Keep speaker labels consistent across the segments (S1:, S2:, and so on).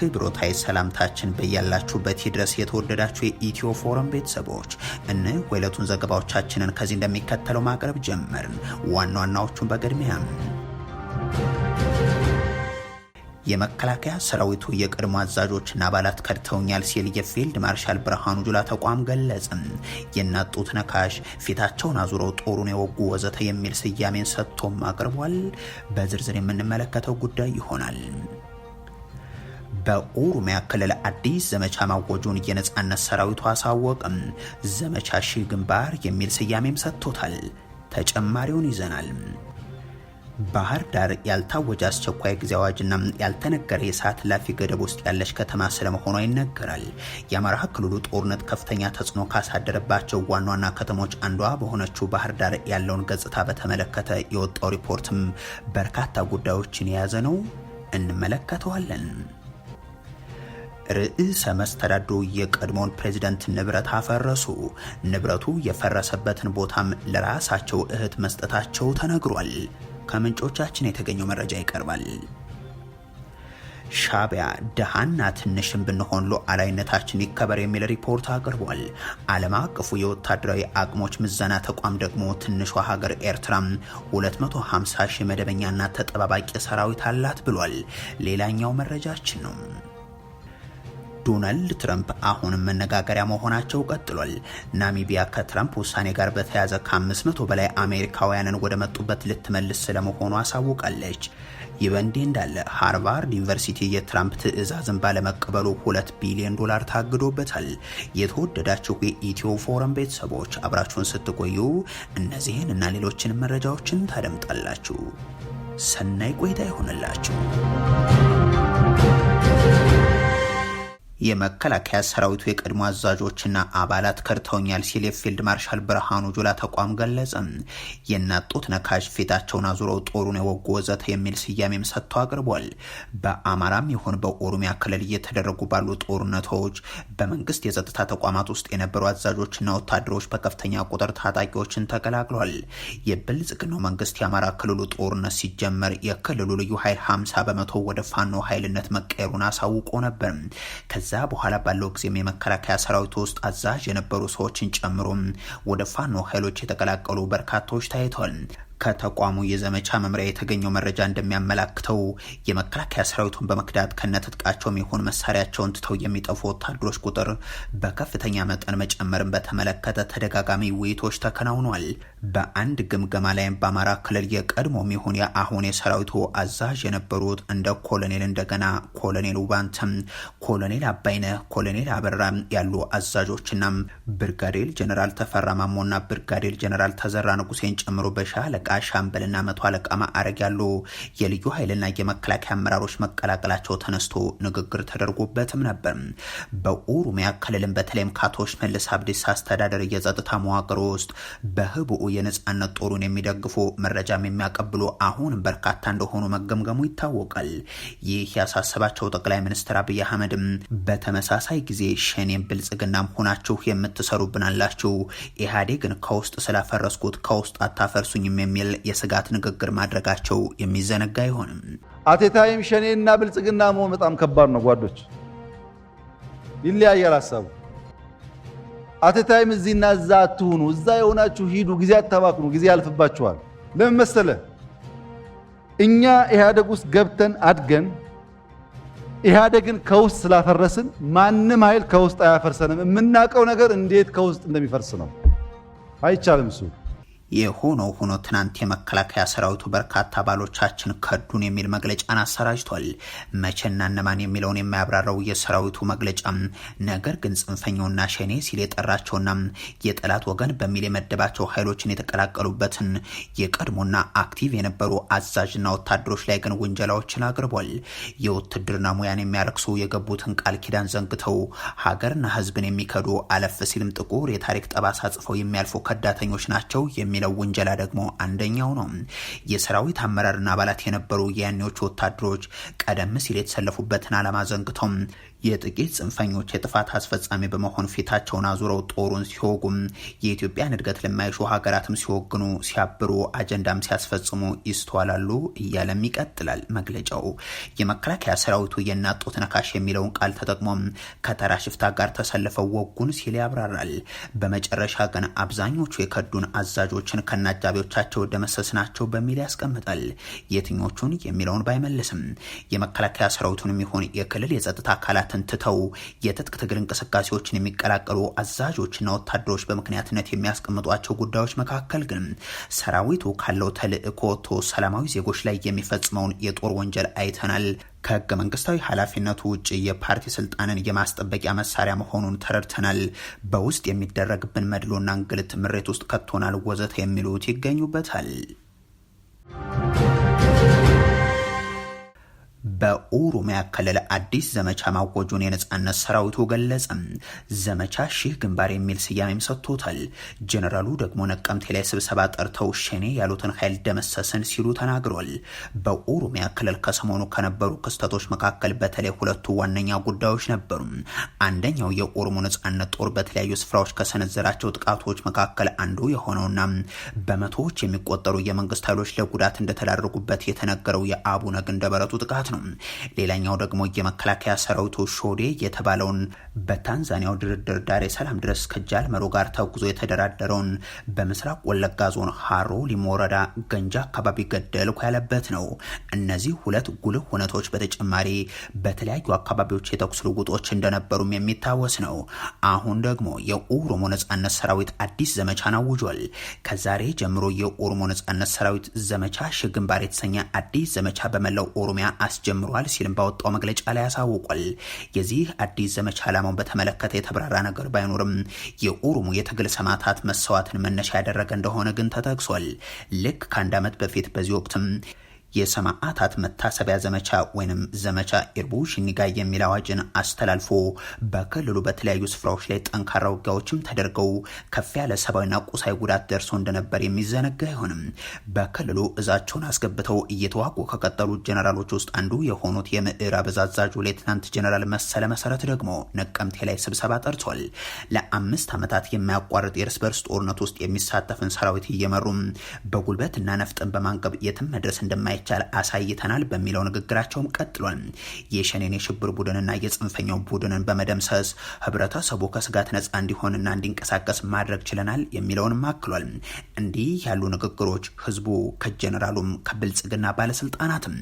S1: ክብሮታይ ሰላምታችን በያላችሁበት ይድረስ። የተወደዳችሁ የኢትዮ ፎረም ቤተሰቦች እነ ወይለቱን ዘገባዎቻችንን ከዚህ እንደሚከተለው ማቅረብ ጀመርን። ዋና ዋናዎቹን በቅድሚያም የመከላከያ ሰራዊቱ የቀድሞ አዛዦችና አባላት ከድተውኛል ሲል የፊልድ ማርሻል ብርሃኑ ጁላ ተቋም ገለጽም። የናጡት ነካሽ፣ ፊታቸውን አዙረው ጦሩን የወጉ ወዘተ የሚል ስያሜን ሰጥቶም አቅርቧል። በዝርዝር የምንመለከተው ጉዳይ ይሆናል። በኦሮሚያ ክልል አዲስ ዘመቻ ማወጁን የነጻነት ሰራዊቱ አሳወቅም። ዘመቻ ሺህ ግንባር የሚል ስያሜም ሰጥቶታል። ተጨማሪውን ይዘናል። ባህር ዳር ያልታወጀ አስቸኳይ ጊዜ አዋጅና ያልተነገረ የሰዓት ላፊ ገደብ ውስጥ ያለች ከተማ ስለመሆኗ ይነገራል። የአማራ ክልሉ ጦርነት ከፍተኛ ተጽዕኖ ካሳደረባቸው ዋና ዋና ከተሞች አንዷ በሆነችው ባህር ዳር ያለውን ገጽታ በተመለከተ የወጣው ሪፖርትም በርካታ ጉዳዮችን የያዘ ነው። እንመለከተዋለን። ርዕሰ መስተዳድሩ የቀድሞውን ፕሬዚደንት ንብረት አፈረሱ። ንብረቱ የፈረሰበትን ቦታም ለራሳቸው እህት መስጠታቸው ተነግሯል። ከምንጮቻችን የተገኘው መረጃ ይቀርባል። ሻቢያ ድሃና ትንሽም ብንሆን ሉዓላዊነታችን ይከበር የሚል ሪፖርት አቅርቧል። ዓለም አቀፉ የወታደራዊ አቅሞች ምዘና ተቋም ደግሞ ትንሿ ሀገር ኤርትራም 250 ሺህ መደበኛና ተጠባባቂ ሰራዊት አላት ብሏል። ሌላኛው መረጃችን ነው። ዶናልድ ትረምፕ አሁንም መነጋገሪያ መሆናቸው ቀጥሏል። ናሚቢያ ከትረምፕ ውሳኔ ጋር በተያያዘ ከ500 በላይ አሜሪካውያንን ወደ መጡበት ልትመልስ ስለመሆኑ አሳውቃለች። ይህ በእንዲህ እንዳለ ሃርቫርድ ዩኒቨርሲቲ የትራምፕ ትዕዛዝን ባለመቀበሉ ሁለት ቢሊዮን ዶላር ታግዶበታል። የተወደዳችሁ የኢትዮ ፎረም ቤተሰቦች አብራችሁን ስትቆዩ እነዚህን እና ሌሎችን መረጃዎችን ታደምጣላችሁ። ሰናይ ቆይታ ይሆንላችሁ። የመከላከያ ሰራዊቱ የቀድሞ አዛዦችና አባላት ከድተውኛል ሲል የፊልድ ማርሻል ብርሃኑ ጁላ ተቋም ገለጸ። የናጡት ነካሽ ፊታቸውን አዙረው ጦሩን የወጉ ወዘተ የሚል ስያሜም ሰጥተው አቅርቧል። በአማራም ይሁን በኦሮሚያ ክልል እየተደረጉ ባሉ ጦርነቶች በመንግስት የጸጥታ ተቋማት ውስጥ የነበሩ አዛዦችና ወታደሮች በከፍተኛ ቁጥር ታጣቂዎችን ተቀላቅሏል። የብልጽግናው መንግስት የአማራ ክልሉ ጦርነት ሲጀመር የክልሉ ልዩ ኃይል 50 በመቶ ወደ ፋኖ ኃይልነት መቀየሩን አሳውቆ ነበር። ከዛ በኋላ ባለው ጊዜም የመከላከያ ሰራዊት ውስጥ አዛዥ የነበሩ ሰዎችን ጨምሮ ወደ ፋኖ ኃይሎች የተቀላቀሉ በርካቶች ታይተዋል። ከተቋሙ የዘመቻ መምሪያ የተገኘው መረጃ እንደሚያመላክተው የመከላከያ ሰራዊቱን በመክዳት ከነትጥቃቸውም የሆን መሳሪያቸውን ትተው የሚጠፉ ወታደሮች ቁጥር በከፍተኛ መጠን መጨመርን በተመለከተ ተደጋጋሚ ውይይቶች ተከናውኗል። በአንድ ግምገማ ላይም በአማራ ክልል የቀድሞም ይሁን የአሁን የሰራዊቱ አዛዥ የነበሩት እንደ ኮሎኔል እንደገና፣ ኮሎኔል ውባንተም፣ ኮሎኔል አባይነህ፣ ኮሎኔል አበራ ያሉ አዛዦችና ብርጋዴር ጀነራል ተፈራ ማሞና ብርጋዴር ጀነራል ተዘራ ንጉሴን ጨምሮ በሻለቃ ሻምበልና መቶ አለቃ ማዕረግ ያሉ የልዩ ኃይልና የመከላከያ አመራሮች መቀላቀላቸው ተነስቶ ንግግር ተደርጎበትም ነበር። በኦሮሚያ ክልልም በተለይም ከአቶ ሽመልስ አብዲሳ አስተዳደር የጸጥታ መዋቅር ውስጥ በህቡኡ የነጻነት ጦሩን የሚደግፉ መረጃም የሚያቀብሉ አሁን በርካታ እንደሆኑ መገምገሙ ይታወቃል። ይህ ያሳሰባቸው ጠቅላይ ሚኒስትር አብይ አህመድም በተመሳሳይ ጊዜ ሸኔም ብልጽግናም ሆናችሁ የምትሰሩብናላችሁ ኢህአዴግን ከውስጥ ስላፈረስኩት ከውስጥ አታፈርሱኝም የሚ የሚል የስጋት ንግግር ማድረጋቸው የሚዘነጋ አይሆንም።
S2: አቴታይም ሸኔ እና ብልጽግና መሆን በጣም ከባድ ነው ጓዶች፣ ይለያያል ሀሳቡ። አቴታይም እዚህና እዛ አትሁኑ፣ እዛ የሆናችሁ ሂዱ፣ ጊዜ አታባክኑ፣ ጊዜ ያልፍባችኋል። ለምን መሰለ እኛ ኢህአደግ ውስጥ ገብተን አድገን ኢህአደግን ከውስጥ ስላፈረስን ማንም ኃይል ከውስጥ አያፈርሰንም። የምናውቀው ነገር እንዴት ከውስጥ እንደሚፈርስ ነው። አይቻልም እሱ
S1: የሆኖ ሆኖ ትናንት የመከላከያ ሰራዊቱ በርካታ አባሎቻችን ከዱን የሚል መግለጫን አሰራጅቷል። መቼና እነማን የሚለውን የማያብራራው የሰራዊቱ መግለጫ ነገር ግን ጽንፈኛውና ሸኔ ሲል የጠራቸውና የጠላት ወገን በሚል የመደባቸው ኃይሎችን የተቀላቀሉበትን የቀድሞና አክቲቭ የነበሩ አዛዥና ወታደሮች ላይ ግን ውንጀላዎችን አቅርቧል። የውትድርና ሙያን የሚያረክሱ የገቡትን ቃል ኪዳን ዘንግተው ሀገርና ሕዝብን የሚከዱ አለፍ ሲልም ጥቁር የታሪክ ጠባሳ ጽፈው የሚያልፉ ከዳተኞች ናቸው የሚል የሚለው ውንጀላ ደግሞ አንደኛው ነው። የሰራዊት አመራርና አባላት የነበሩ የያኔዎቹ ወታደሮች ቀደም ሲል የተሰለፉበትን አላማ ዘንግቶም የጥቂት ጽንፈኞች የጥፋት አስፈጻሚ በመሆን ፊታቸውን አዙረው ጦሩን ሲወጉም የኢትዮጵያን እድገት ለማይሹ ሀገራትም ሲወግኑ፣ ሲያብሩ፣ አጀንዳም ሲያስፈጽሙ ይስተዋላሉ እያለም ይቀጥላል መግለጫው። የመከላከያ ሰራዊቱ የእናት ጡት ነካሽ የሚለውን ቃል ተጠቅሞም ከተራ ሽፍታ ጋር ተሰልፈው ወጉን ሲል ያብራራል። በመጨረሻ ግን አብዛኞቹ የከዱን አዛዦችን ከነአጃቢዎቻቸው ደመሰስ ናቸው በሚል ያስቀምጣል። የትኞቹን የሚለውን ባይመልስም የመከላከያ ሰራዊቱንም ይሁን የክልል የጸጥታ አካላት ጊዜያትን ትተው የትጥቅ ትግል እንቅስቃሴዎችን የሚቀላቀሉ አዛዦችና ወታደሮች በምክንያትነት የሚያስቀምጧቸው ጉዳዮች መካከል ግን ሰራዊቱ ካለው ተልእኮ ወጥቶ ሰላማዊ ዜጎች ላይ የሚፈጽመውን የጦር ወንጀል አይተናል። ከህገ መንግስታዊ ኃላፊነቱ ውጭ የፓርቲ ስልጣንን የማስጠበቂያ መሳሪያ መሆኑን ተረድተናል። በውስጥ የሚደረግብን መድሎና እንግልት ምሬት ውስጥ ከቶናል፣ ወዘተ የሚሉት ይገኙበታል። በኦሮሚያ ክልል አዲስ ዘመቻ ማወጁን የነጻነት ሰራዊቱ ገለጸ። ዘመቻ ሺህ ግንባር የሚል ስያሜም ሰጥቶታል። ጀኔራሉ ደግሞ ነቀምቴ ላይ ስብሰባ ጠርተው ሸኔ ያሉትን ኃይል ደመሰስን ሲሉ ተናግሯል። በኦሮሚያ ክልል ከሰሞኑ ከነበሩ ክስተቶች መካከል በተለይ ሁለቱ ዋነኛ ጉዳዮች ነበሩ። አንደኛው የኦሮሞ ነጻነት ጦር በተለያዩ ስፍራዎች ከሰነዘራቸው ጥቃቶች መካከል አንዱ የሆነውና በመቶዎች የሚቆጠሩ የመንግስት ኃይሎች ለጉዳት እንደተዳረጉበት የተነገረው የአቡነ ግንደበረቱ ጥቃት ነው። ሌላኛው ደግሞ የመከላከያ ሰራዊቱ ሾዴ የተባለውን በታንዛኒያው ድርድር ዳሬ ሰላም ድረስ ከጃል መሮ ጋር ተጉዞ የተደራደረውን በምስራቅ ወለጋ ዞን ሀሮ ሊሙ ወረዳ ገንጃ አካባቢ ገደልኩ ያለበት ነው። እነዚህ ሁለት ጉልህ ሁነቶች በተጨማሪ በተለያዩ አካባቢዎች የተኩስ ልውጦች እንደነበሩም የሚታወስ ነው። አሁን ደግሞ የኦሮሞ ነጻነት ሰራዊት አዲስ ዘመቻን አውጇል። ከዛሬ ጀምሮ የኦሮሞ ነጻነት ሰራዊት ዘመቻ ሽግንባር የተሰኘ አዲስ ዘመቻ በመላው ኦሮሚያ አስ አስጀምሯል ሲልም ባወጣው መግለጫ ላይ አሳውቋል። የዚህ አዲስ ዘመቻ ዓላማውን በተመለከተ የተብራራ ነገር ባይኖርም የኦሮሞ የትግል ሰማዕታት መሰዋትን መነሻ ያደረገ እንደሆነ ግን ተጠቅሷል። ልክ ከአንድ ዓመት በፊት በዚህ ወቅትም የሰማዕታት መታሰቢያ ዘመቻ ወይንም ዘመቻ ኢርቡ ሽኒጋ የሚል አዋጅን አስተላልፎ በክልሉ በተለያዩ ስፍራዎች ላይ ጠንካራ ውጊያዎችም ተደርገው ከፍ ያለ ሰብአዊና ቁሳዊ ጉዳት ደርሶ እንደነበር የሚዘነጋ አይሆንም። በክልሉ እዛቸውን አስገብተው እየተዋጉ ከቀጠሉ ጀነራሎች ውስጥ አንዱ የሆኑት የምዕራብ እዝ አዛዡ ሌትናንት ጀነራል መሰለ መሰረት ደግሞ ነቀምቴ ላይ ስብሰባ ጠርቷል። ለአምስት ዓመታት የማያቋርጥ የእርስ በርስ ጦርነት ውስጥ የሚሳተፍን ሰራዊት እየመሩም በጉልበትና ነፍጥን በማንገብ የትም መድረስ እንደማይ እንደማይቻል አሳይተናል በሚለው ንግግራቸውም ቀጥሏል። የሸኔን የሽብር ቡድንና የጽንፈኛው ቡድንን በመደምሰስ ህብረተሰቡ ከስጋት ነጻ እንዲሆንና እንዲንቀሳቀስ ማድረግ ችለናል የሚለውንም አክሏል። እንዲህ ያሉ ንግግሮች ህዝቡ ከጀነራሉም ከብልጽግና ባለስልጣናትም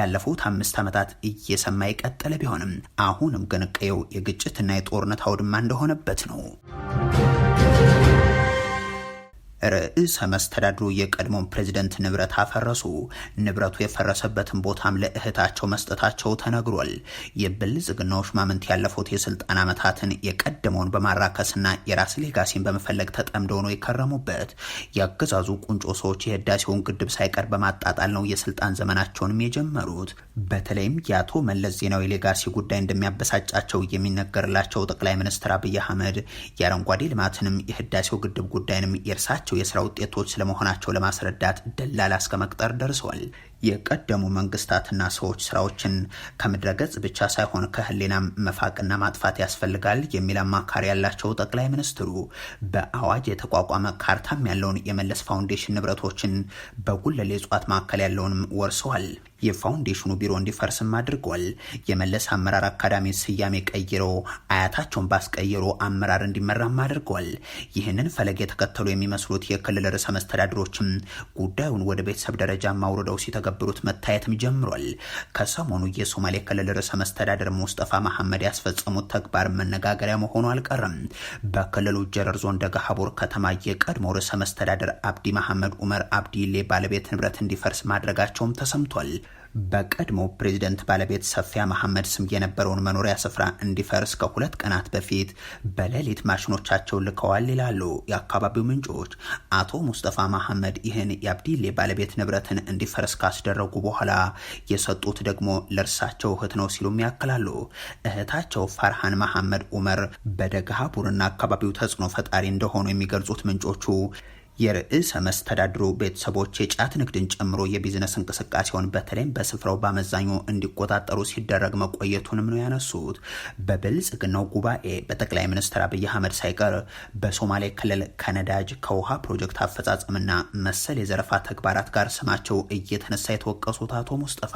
S1: ላለፉት አምስት ዓመታት እየሰማ የቀጠለ ቢሆንም አሁንም ግን ቀየው የግጭትና የጦርነት አውድማ እንደሆነበት ነው። ርዕሰ መስተዳድሩ የቀድሞን ፕሬዚደንት ንብረት አፈረሱ። ንብረቱ የፈረሰበትን ቦታም ለእህታቸው መስጠታቸው ተነግሯል። የብልጽግናዎች ማመንት ያለፉት የስልጣን ዓመታትን የቀደመውን በማራከስና የራስ ሌጋሲን በመፈለግ ተጠምደው ነው የከረሙበት። ያገዛዙ ቁንጮ ሰዎች የህዳሴውን ግድብ ሳይቀር በማጣጣል ነው የስልጣን ዘመናቸውንም የጀመሩት። በተለይም የአቶ መለስ ዜናዊ ሌጋሲ ጉዳይ እንደሚያበሳጫቸው የሚነገርላቸው ጠቅላይ ሚኒስትር አብይ አህመድ የአረንጓዴ ልማትንም የህዳሴው ግድብ ጉዳይንም የእርሳቸው የስራ ውጤቶች ስለመሆናቸው ለማስረዳት ደላላ እስከ መቅጠር ደርሰዋል። የቀደሙ መንግስታትና ሰዎች ስራዎችን ከምድረገጽ ብቻ ሳይሆን ከህሊና መፋቅና ማጥፋት ያስፈልጋል የሚል አማካሪ ያላቸው ጠቅላይ ሚኒስትሩ በአዋጅ የተቋቋመ ካርታም ያለውን የመለስ ፋውንዴሽን ንብረቶችን በጉለሌ እጽዋት ማዕከል ያለውንም ወርሰዋል። የፋውንዴሽኑ ቢሮ እንዲፈርስም አድርጓል። የመለስ አመራር አካዳሚ ስያሜ ቀይረው አያታቸውን ባስቀይሮ አመራር እንዲመራም አድርጓል። ይህንን ፈለግ የተከተሉ የሚመስሉት የክልል ርዕሰ መስተዳድሮችም ጉዳዩን ወደ ቤተሰብ ደረጃ ማውረደው ሲተገ ሲያስተባብሩት መታየትም ጀምሯል። ከሰሞኑ የሶማሌ ክልል ርዕሰ መስተዳደር ሙስጠፋ መሐመድ ያስፈጸሙት ተግባር መነጋገሪያ መሆኑ አልቀረም። በክልሉ ጀረር ዞን ደገሃቡር ከተማ የቀድሞ ርዕሰ መስተዳደር አብዲ መሐመድ ኡመር አብዲሌ ባለቤት ንብረት እንዲፈርስ ማድረጋቸውም ተሰምቷል። በቀድሞ ፕሬዚደንት ባለቤት ሰፊያ መሐመድ ስም የነበረውን መኖሪያ ስፍራ እንዲፈርስ ከሁለት ቀናት በፊት በሌሊት ማሽኖቻቸው ልከዋል ይላሉ የአካባቢው ምንጮች። አቶ ሙስጠፋ መሐመድ ይህን የአብዲሌ ባለቤት ንብረትን እንዲፈርስ ካስደረጉ በኋላ የሰጡት ደግሞ ለእርሳቸው እህት ነው ሲሉም ያክላሉ። እህታቸው ፈርሃን መሐመድ ኡመር በደገሃቡርና አካባቢው ተጽዕኖ ፈጣሪ እንደሆኑ የሚገልጹት ምንጮቹ የርዕሰ መስተዳድሩ ቤተሰቦች የጫት ንግድን ጨምሮ የቢዝነስ እንቅስቃሴውን በተለይም በስፍራው በአመዛኙ እንዲቆጣጠሩ ሲደረግ መቆየቱንም ነው ያነሱት። በብልጽግናው ጉባኤ በጠቅላይ ሚኒስትር አብይ አህመድ ሳይቀር በሶማሌ ክልል ከነዳጅ ከውሃ ፕሮጀክት አፈጻጸምና መሰል የዘረፋ ተግባራት ጋር ስማቸው እየተነሳ የተወቀሱት አቶ ሙስጠፋ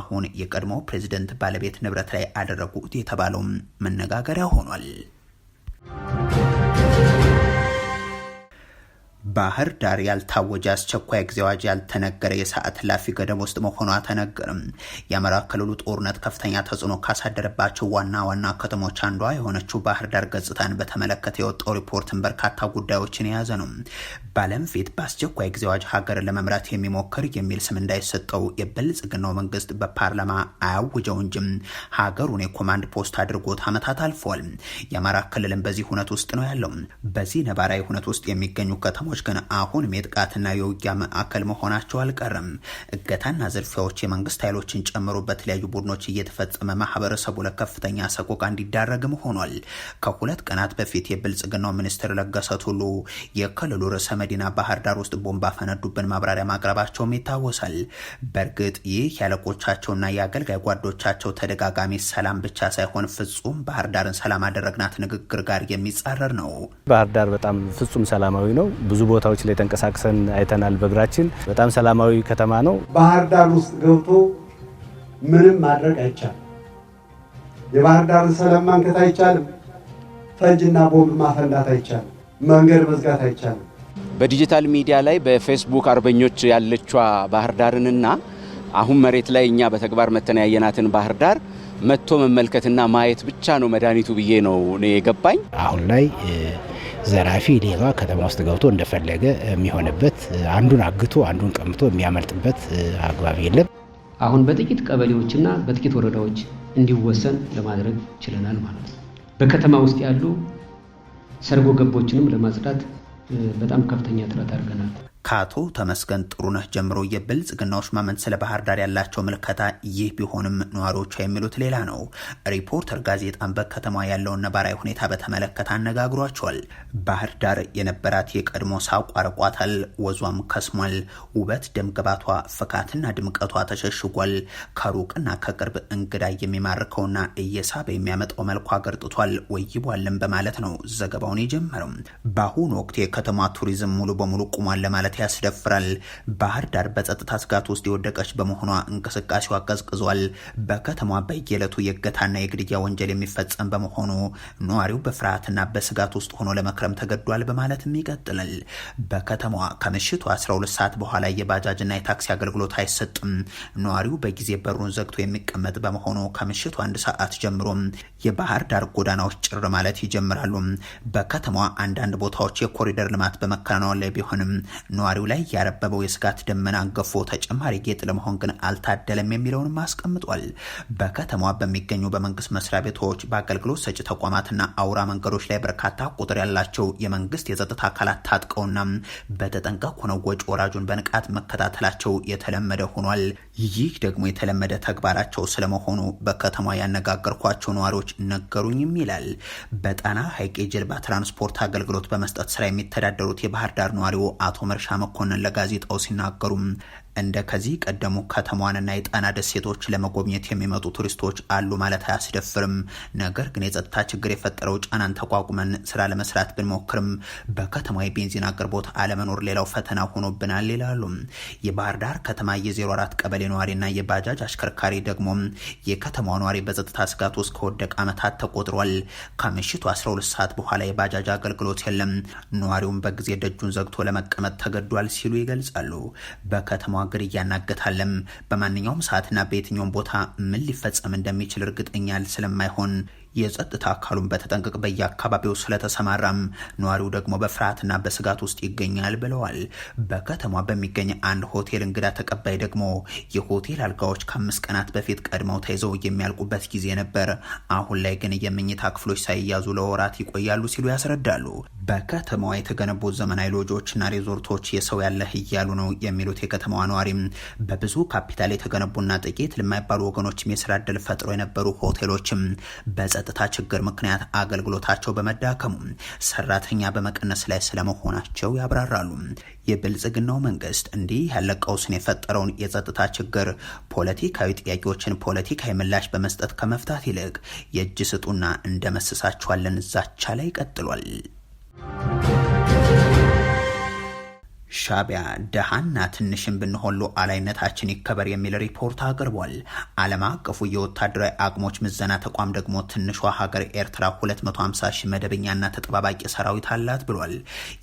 S1: አሁን የቀድሞ ፕሬዚደንት ባለቤት ንብረት ላይ አደረጉት የተባለውም መነጋገሪያ ሆኗል። ባህር ዳር ያልታወጀ አስቸኳይ ጊዜ አዋጅ ያልተነገረ የሰዓት ላፊ ገደብ ውስጥ መሆኗ ተነገርም። የአማራ ክልሉ ጦርነት ከፍተኛ ተጽዕኖ ካሳደረባቸው ዋና ዋና ከተሞች አንዷ የሆነችው ባህር ዳር ገጽታን በተመለከተ የወጣው ሪፖርትን በርካታ ጉዳዮችን የያዘ ነው። በዓለም ፊት በአስቸኳይ ጊዜ አዋጅ ሀገርን ለመምራት የሚሞክር የሚል ስም እንዳይሰጠው የብልጽግናው መንግስት በፓርላማ አያውጀው እንጂም ሀገሩን የኮማንድ ፖስት አድርጎት ዓመታት አልፏል። የአማራ ክልልም በዚህ ሁነት ውስጥ ነው ያለው። በዚህ ነባራዊ ሁነት ውስጥ የሚገኙ ከተሞ ከተሞች ግን አሁንም የጥቃትና የውጊያ ማዕከል መሆናቸው አልቀርም። እገታና ዝርፊያዎች የመንግስት ኃይሎችን ጨምሮ በተለያዩ ቡድኖች እየተፈጸመ ማህበረሰቡ ለከፍተኛ ሰቆቃ እንዲዳረግም ሆኗል። ከሁለት ቀናት በፊት የብልጽግናው ሚኒስትር ለገሰ ቱሉ የክልሉ ርዕሰ መዲና ባህር ዳር ውስጥ ቦምባ ፈነዱብን ማብራሪያ ማቅረባቸውም ይታወሳል። በእርግጥ ይህ ያለቆቻቸውና የአገልጋይ ጓዶቻቸው ተደጋጋሚ ሰላም ብቻ ሳይሆን ፍጹም ባህር ዳርን ሰላም አደረግናት ንግግር ጋር የሚጻረር ነው።
S3: ባህር ዳር በጣም ፍጹም ሰላማዊ ነው። ብዙ ቦታዎች ላይ ተንቀሳቅሰን አይተናል በእግራችን። በጣም ሰላማዊ ከተማ ነው።
S4: ባህር ዳር ውስጥ ገብቶ ምንም ማድረግ አይቻልም። የባህር ዳር ሰላም ማንከት አይቻልም። ፈንጅና ቦምብ ማፈንዳት አይቻልም። መንገድ መዝጋት አይቻልም።
S5: በዲጂታል ሚዲያ ላይ በፌስቡክ አርበኞች ያለቿ ባህር ዳርንና አሁን መሬት ላይ እኛ በተግባር መተን ያየናትን ባህር ዳር መጥቶ መመልከትና ማየት ብቻ ነው መድኃኒቱ ብዬ ነው የገባኝ
S6: አሁን ላይ ዘራፊ ሌባ ከተማ ውስጥ ገብቶ እንደፈለገ የሚሆንበት አንዱን አግቶ አንዱን ቀምቶ የሚያመልጥበት አግባብ የለም።
S7: አሁን በጥቂት ቀበሌዎችና በጥቂት ወረዳዎች እንዲወሰን ለማድረግ ችለናል ማለት ነው። በከተማ ውስጥ ያሉ ሰርጎ ገቦችንም ለማጽዳት በጣም ከፍተኛ ጥረት አድርገናል።
S1: ከአቶ ተመስገን ጥሩነህ ጀምሮ የብልጽግናዎች ማመን ስለ ባህር ዳር ያላቸው ምልከታ ይህ ቢሆንም ነዋሪዎቹ የሚሉት ሌላ ነው። ሪፖርተር ጋዜጣን በከተማ ያለውን ነባራዊ ሁኔታ በተመለከተ አነጋግሯቸዋል። ባህር ዳር የነበራት የቀድሞ ሳቋርቋታል ወዟም ከስሟል። ውበት ደምግባቷ፣ ፍካትና ድምቀቷ ተሸሽጓል። ከሩቅና ከቅርብ እንግዳ የሚማርከውና እየሳበ የሚያመጣው መልኳ አገርጥቷል ወይቧልም በማለት ነው ዘገባውን የጀመረው። በአሁኑ ወቅት የከተማ ቱሪዝም ሙሉ በሙሉ ቁሟል ለማለት ማለት ያስደፍራል። ባህር ዳር በጸጥታ ስጋት ውስጥ የወደቀች በመሆኗ እንቅስቃሴዋ አቀዝቅዟል። በከተማ በየዕለቱ የእገታና የግድያ ወንጀል የሚፈጸም በመሆኑ ነዋሪው በፍርሃትና በስጋት ውስጥ ሆኖ ለመክረም ተገዷል በማለትም ይቀጥላል። በከተማዋ ከምሽቱ 12 ሰዓት በኋላ የባጃጅና የታክሲ አገልግሎት አይሰጥም። ነዋሪው በጊዜ በሩን ዘግቶ የሚቀመጥ በመሆኑ ከምሽቱ አንድ ሰዓት ጀምሮ የባህር ዳር ጎዳናዎች ጭር ማለት ይጀምራሉ። በከተማዋ አንዳንድ ቦታዎች የኮሪደር ልማት በመከናወን ላይ ቢሆንም ነዋሪው ላይ ያረበበው የስጋት ደመና ገፎ ተጨማሪ ጌጥ ለመሆን ግን አልታደለም የሚለውንም አስቀምጧል። በከተማዋ በሚገኙ በመንግስት መስሪያ ቤቶች፣ በአገልግሎት ሰጪ ተቋማትና አውራ መንገዶች ላይ በርካታ ቁጥር ያላቸው የመንግስት የጸጥታ አካላት ታጥቀውና በተጠንቀቅ ሆነው ወጪ ወራጁን በንቃት መከታተላቸው የተለመደ ሆኗል። ይህ ደግሞ የተለመደ ተግባራቸው ስለመሆኑ በከተማ ያነጋገርኳቸው ነዋሪዎች ነገሩኝም ይላል። በጣና ሐይቅ የጀልባ ትራንስፖርት አገልግሎት በመስጠት ስራ የሚተዳደሩት የባህር ዳር ነዋሪው አቶ መርሻ መኮንን ለጋዜጣው ሲናገሩም እንደ ከዚህ ቀደሙ ከተማዋንና የጣና ደሴቶች ለመጎብኘት የሚመጡ ቱሪስቶች አሉ ማለት አያስደፍርም። ነገር ግን የጸጥታ ችግር የፈጠረው ጫናን ተቋቁመን ስራ ለመስራት ብንሞክርም በከተማ የቤንዚን አቅርቦት አለመኖር ሌላው ፈተና ሆኖብናል ይላሉ። የባህር ዳር ከተማ የ04 ቀበሌ ነዋሪና የባጃጅ አሽከርካሪ ደግሞ የከተማ ነዋሪ በጸጥታ ስጋት ውስጥ ከወደቀ ዓመታት ተቆጥሯል። ከምሽቱ 12 ሰዓት በኋላ የባጃጅ አገልግሎት የለም። ነዋሪውም በጊዜ ደጁን ዘግቶ ለመቀመጥ ተገዷል ሲሉ ይገልጻሉ። በከተማ መዋቅር እያናገታለም። በማንኛውም ሰዓትና በየትኛውም ቦታ ምን ሊፈጸም እንደሚችል እርግጠኛል ስለማይሆን የጸጥታ አካሉን በተጠንቀቅ በየአካባቢው ስለተሰማራም ነዋሪው ደግሞ በፍርሃትና በስጋት ውስጥ ይገኛል ብለዋል። በከተማ በሚገኝ አንድ ሆቴል እንግዳ ተቀባይ ደግሞ የሆቴል አልጋዎች ከአምስት ቀናት በፊት ቀድመው ተይዘው የሚያልቁበት ጊዜ ነበር። አሁን ላይ ግን የመኝታ ክፍሎች ሳይያዙ ለወራት ይቆያሉ ሲሉ ያስረዳሉ። በከተማዋ የተገነቡ ዘመናዊ ሎጆችና ሪዞርቶች የሰው ያለህ እያሉ ነው የሚሉት የከተማዋ ነዋሪም በብዙ ካፒታል የተገነቡና ጥቂት ለማይባሉ ወገኖችም የስራ እድል ፈጥሮ የነበሩ ሆቴሎችም በጸ በጸጥታ ችግር ምክንያት አገልግሎታቸው በመዳከሙ ሰራተኛ በመቀነስ ላይ ስለመሆናቸው ያብራራሉ። የብልጽግናው መንግስት እንዲህ ያለ ቀውስን የፈጠረውን የጸጥታ ችግር ፖለቲካዊ ጥያቄዎችን ፖለቲካዊ ምላሽ በመስጠት ከመፍታት ይልቅ የእጅ ስጡና እንደመስሳችኋለን ዛቻ ላይ ቀጥሏል። ሻቢያ ድሃና ትንሽም ብንሆን ሉዓላዊነታችን ይከበር የሚል ሪፖርት አቅርቧል። ዓለም አቀፉ የወታደራዊ አቅሞች ምዘና ተቋም ደግሞ ትንሿ ሀገር ኤርትራ 250 ሺህ መደበኛና ተጠባባቂ ሰራዊት አላት ብሏል።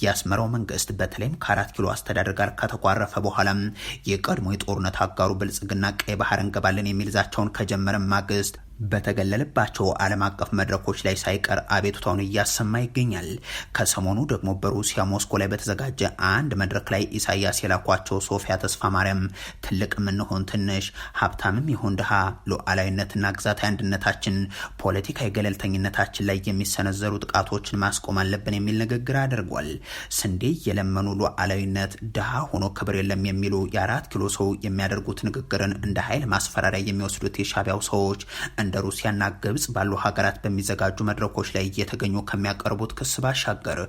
S1: የአስመራው መንግስት በተለይም ከአራት ኪሎ አስተዳደር ጋር ከተቋረፈ በኋላም የቀድሞ የጦርነት አጋሩ ብልጽግና ቀይ ባህር እንገባለን የሚል ዛቻውን ከጀመረ ማግስት በተገለለባቸው ዓለም አቀፍ መድረኮች ላይ ሳይቀር አቤቱታውን እያሰማ ይገኛል። ከሰሞኑ ደግሞ በሩሲያ ሞስኮ ላይ በተዘጋጀ አንድ መድረክ ላይ ኢሳያስ የላኳቸው ሶፊያ ተስፋ ማርያም ትልቅ የምንሆን ትንሽ፣ ሀብታምም ይሁን ድሃ፣ ሉዓላዊነትና ግዛታዊ አንድነታችን፣ ፖለቲካዊ ገለልተኝነታችን ላይ የሚሰነዘሩ ጥቃቶችን ማስቆም አለብን የሚል ንግግር አድርጓል። ስንዴ የለመኑ ሉዓላዊነት፣ ድሃ ሆኖ ክብር የለም የሚሉ የአራት ኪሎ ሰው የሚያደርጉት ንግግርን እንደ ኃይል ማስፈራሪያ የሚወስዱት የሻቢያው ሰዎች እንደ ሩሲያና ግብጽ ባሉ ሀገራት በሚዘጋጁ መድረኮች ላይ እየተገኙ ከሚያቀርቡት ክስ ባሻገር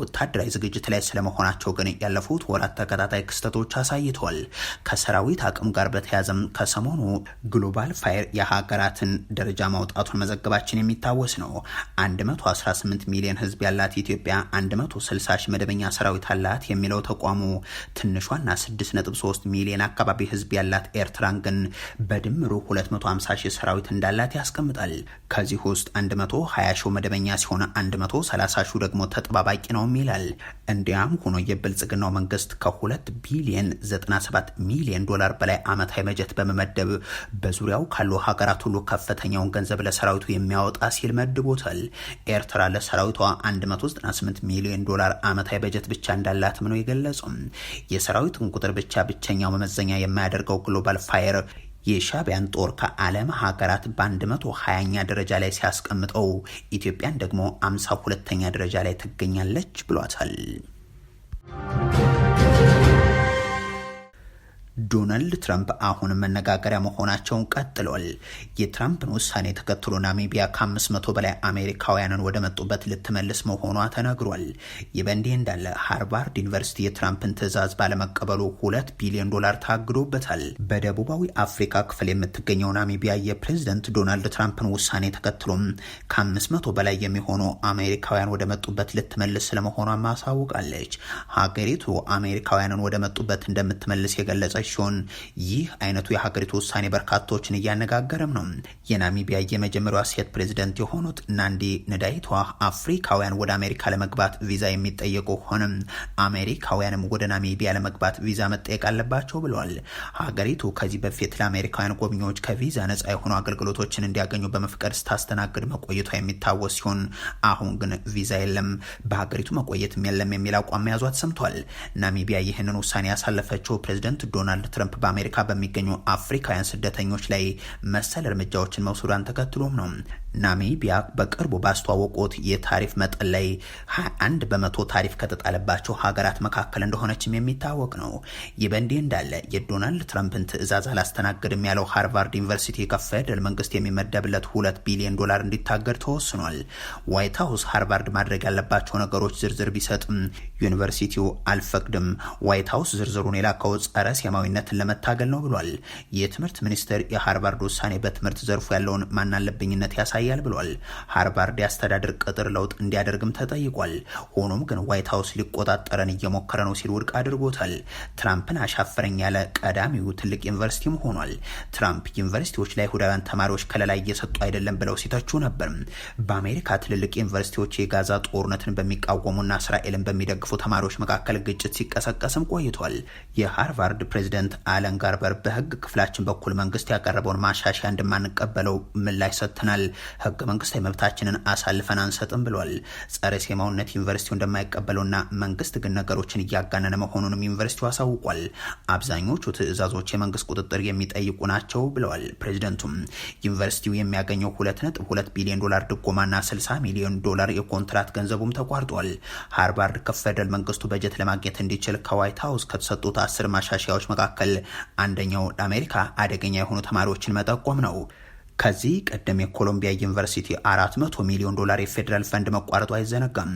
S1: ወታደራዊ ዝግጅት ላይ ስለመሆናቸው ግን ያለፉት ወራት ተከታታይ ክስተቶች አሳይተዋል። ከሰራዊት አቅም ጋር በተያያዘም ከሰሞኑ ግሎባል ፋይር የሀገራትን ደረጃ ማውጣቱን መዘገባችን የሚታወስ ነው። 118 ሚሊዮን ህዝብ ያላት ኢትዮጵያ 160 ሺህ መደበኛ ሰራዊት አላት የሚለው ተቋሙ ትንሿና 6.3 ሚሊዮን አካባቢ ህዝብ ያላት ኤርትራን ግን በድምሩ 250 ሺህ ሰራዊት እንዳላት አባላት ያስቀምጣል። ከዚህ ውስጥ 120 ሺው መደበኛ ሲሆን 130 ሺው ደግሞ ተጠባባቂ ነውም ይላል። እንዲያም ሆኖ የብልጽግናው መንግስት ከሁለት ቢሊየን 97 ሚሊዮን ዶላር በላይ አመታዊ በጀት በመመደብ በዙሪያው ካሉ ሀገራት ሁሉ ከፍተኛውን ገንዘብ ለሰራዊቱ የሚያወጣ ሲል መድቦታል። ኤርትራ ለሰራዊቷ 198 ሚሊዮን ዶላር አመታዊ በጀት ብቻ እንዳላትም ነው የገለጹም። የሰራዊቱን ቁጥር ብቻ ብቸኛው መመዘኛ የማያደርገው ግሎባል ፋየር የሻቢያን ጦር ከዓለም ሀገራት በ120ኛ ደረጃ ላይ ሲያስቀምጠው ኢትዮጵያን ደግሞ 52ኛ ደረጃ ላይ ትገኛለች ብሏታል። ዶናልድ ትራምፕ አሁን መነጋገሪያ መሆናቸውን ቀጥሏል። የትራምፕን ውሳኔ ተከትሎ ናሚቢያ ከ500 በላይ አሜሪካውያንን ወደ መጡበት ልትመልስ መሆኗ ተነግሯል። ይህ በእንዲህ እንዳለ ሃርቫርድ ዩኒቨርሲቲ የትራምፕን ትዕዛዝ ባለመቀበሉ ሁለት ቢሊዮን ዶላር ታግዶበታል። በደቡባዊ አፍሪካ ክፍል የምትገኘው ናሚቢያ የፕሬዝደንት ዶናልድ ትራምፕን ውሳኔ ተከትሎም ከ500 በላይ የሚሆኑ አሜሪካውያን ወደ መጡበት ልትመልስ ስለመሆኗ ማሳውቃለች። ሀገሪቱ አሜሪካውያንን ወደ መጡበት እንደምትመልስ የገለጸች ሲሆን ይህ አይነቱ የሀገሪቱ ውሳኔ በርካታዎችን እያነጋገረም ነው። የናሚቢያ የመጀመሪያዋ ሴት ፕሬዚደንት የሆኑት ናንዲ ንዳይቷ አፍሪካውያን ወደ አሜሪካ ለመግባት ቪዛ የሚጠየቁ ሆንም አሜሪካውያንም ወደ ናሚቢያ ለመግባት ቪዛ መጠየቅ አለባቸው ብለዋል። ሀገሪቱ ከዚህ በፊት ለአሜሪካውያን ጎብኚዎች ከቪዛ ነጻ የሆኑ አገልግሎቶችን እንዲያገኙ በመፍቀድ ስታስተናግድ መቆየቷ የሚታወስ ሲሆን አሁን ግን ቪዛ የለም፣ በሀገሪቱ መቆየትም የለም የሚል አቋም መያዟ ተሰምቷል። ናሚቢያ ይህንን ውሳኔ ያሳለፈችው ፕሬዚደንት ዶናልድ ዶናልድ ትረምፕ በአሜሪካ በሚገኙ አፍሪካውያን ስደተኞች ላይ መሰል እርምጃዎችን መውሰዷን ተከትሎም ነው። ናሚቢያ በቅርቡ ባስተዋወቁት የታሪፍ መጠን ላይ 21 በመቶ ታሪፍ ከተጣለባቸው ሀገራት መካከል እንደሆነችም የሚታወቅ ነው። ይህ በእንዲህ እንዳለ የዶናልድ ትረምፕን ትዕዛዝ አላስተናግድም ያለው ሃርቫርድ ዩኒቨርሲቲ ከፌደራል መንግስት የሚመደብለት ሁለት ቢሊዮን ዶላር እንዲታገድ ተወስኗል። ዋይት ሀውስ ሃርቫርድ ማድረግ ያለባቸው ነገሮች ዝርዝር ቢሰጥም ዩኒቨርሲቲው አልፈቅድም። ዋይት ሀውስ ዝርዝሩን የላከው ጸረ ሴማዊ ዘላለማዊነትን ለመታገል ነው ብሏል። የትምህርት ሚኒስቴር የሃርቫርድ ውሳኔ በትምህርት ዘርፉ ያለውን ማናለብኝነት ያሳያል ብሏል። ሃርቫርድ የአስተዳደር ቅጥር ለውጥ እንዲያደርግም ተጠይቋል። ሆኖም ግን ዋይት ሀውስ ሊቆጣጠረን እየሞከረ ነው ሲል ውድቅ አድርጎታል። ትራምፕን አሻፈረኝ ያለ ቀዳሚው ትልቅ ዩኒቨርሲቲም ሆኗል። ትራምፕ ዩኒቨርሲቲዎች ላይ አይሁዳውያን ተማሪዎች ከለላ እየሰጡ አይደለም ብለው ሲተቹ ነበር። በአሜሪካ ትልልቅ ዩኒቨርሲቲዎች የጋዛ ጦርነትን በሚቃወሙና እስራኤልን በሚደግፉ ተማሪዎች መካከል ግጭት ሲቀሰቀስም ቆይቷል። የሃርቫርድ ፕሬዚዳንት ፕሬዚደንት አለን ጋርበር በህግ ክፍላችን በኩል መንግስት ያቀረበውን ማሻሻያ እንደማንቀበለው ምላሽ ሰጥተናል። ህገ መንግስታዊ መብታችንን አሳልፈን አንሰጥም ብሏል። ጸረ ሴማውነት ዩኒቨርሲቲው እንደማይቀበለውና መንግስት ግን ነገሮችን እያጋነነ መሆኑንም ዩኒቨርሲቲው አሳውቋል። አብዛኞቹ ትዕዛዞች የመንግስት ቁጥጥር የሚጠይቁ ናቸው ብለዋል ፕሬዚደንቱም። ዩኒቨርሲቲው የሚያገኘው 2.2 ቢሊዮን ዶላር ድጎማና 60 ሚሊዮን ዶላር የኮንትራት ገንዘቡም ተቋርጧል። ሃርቫርድ ከፌደራል መንግስቱ በጀት ለማግኘት እንዲችል ከዋይት ሀውስ ከተሰጡት አስር ማሻሻያዎች መካከል አንደኛው ለአሜሪካ አደገኛ የሆኑ ተማሪዎችን መጠቆም ነው። ከዚህ ቀደም የኮሎምቢያ ዩኒቨርሲቲ 400 ሚሊዮን ዶላር የፌዴራል ፈንድ መቋረጡ አይዘነጋም።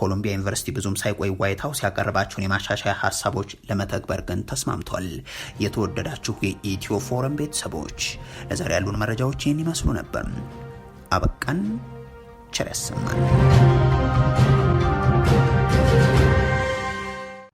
S1: ኮሎምቢያ ዩኒቨርሲቲ ብዙም ሳይቆይ ዋይት ሀውስ ያቀረባቸውን የማሻሻያ ሀሳቦች ለመተግበር ግን ተስማምቷል። የተወደዳችሁ የኢትዮ ፎረም ቤተሰቦች ለዛሬ ያሉን መረጃዎች ይህን ይመስሉ ነበር። አበቃን። ቸር ያሰማል።